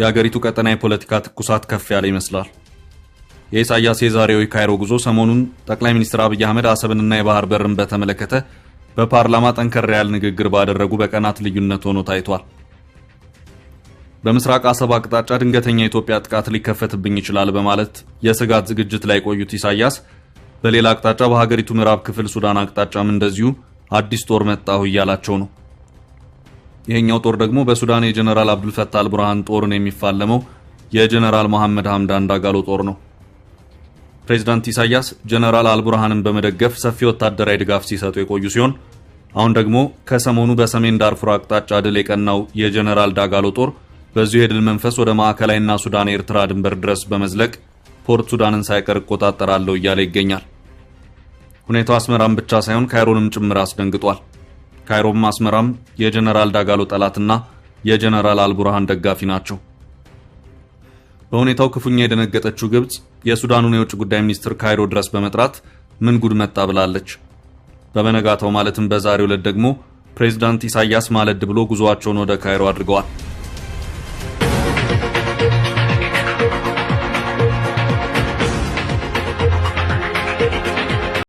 የአገሪቱ ቀጠና የፖለቲካ ትኩሳት ከፍ ያለ ይመስላል። የኢሳያስ የዛሬው የካይሮ ጉዞ ሰሞኑን ጠቅላይ ሚኒስትር አብይ አህመድ አሰብንና የባህር በርን በተመለከተ በፓርላማ ጠንከር ያለ ንግግር ባደረጉ በቀናት ልዩነት ሆኖ ታይቷል። በምስራቅ አሰብ አቅጣጫ ድንገተኛ የኢትዮጵያ ጥቃት ሊከፈትብኝ ይችላል በማለት የስጋት ዝግጅት ላይ ቆዩት ኢሳያስ በሌላ አቅጣጫ በሀገሪቱ ምዕራብ ክፍል ሱዳን አቅጣጫም እንደዚሁ አዲስ ጦር መጣሁ እያላቸው ነው። ይህኛው ጦር ደግሞ በሱዳን የጀነራል አብዱልፈታ አልቡርሃን ጦርን የሚፋለመው የጀነራል መሐመድ ሐምዳን ዳጋሎ ጦር ነው። ፕሬዚዳንት ኢሳያስ ጀነራል አልቡርሃንን በመደገፍ ሰፊ ወታደራዊ ድጋፍ ሲሰጡ የቆዩ ሲሆን አሁን ደግሞ ከሰሞኑ በሰሜን ዳርፉር አቅጣጫ ድል የቀናው የጀነራል ዳጋሎ ጦር በዚሁ የድል መንፈስ ወደ ማዕከላዊና ሱዳን ኤርትራ ድንበር ድረስ በመዝለቅ ፖርት ሱዳንን ሳይቀር እቆጣጠራለሁ እያለ ይገኛል። ሁኔታው አስመራን ብቻ ሳይሆን ካይሮንም ጭምር አስደንግጧል። ካይሮም አስመራም የጀነራል ዳጋሎ ጠላትና የጀነራል አልቡርሃን ደጋፊ ናቸው። በሁኔታው ክፉኛ የደነገጠችው ግብፅ የሱዳኑን የውጭ ጉዳይ ሚኒስትር ካይሮ ድረስ በመጥራት ምን ጉድ መጣ ብላለች። በመነጋታው ማለትም በዛሬው ዕለት ደግሞ ፕሬዚዳንት ኢሳያስ ማለድ ብሎ ጉዞአቸውን ወደ ካይሮ አድርገዋል።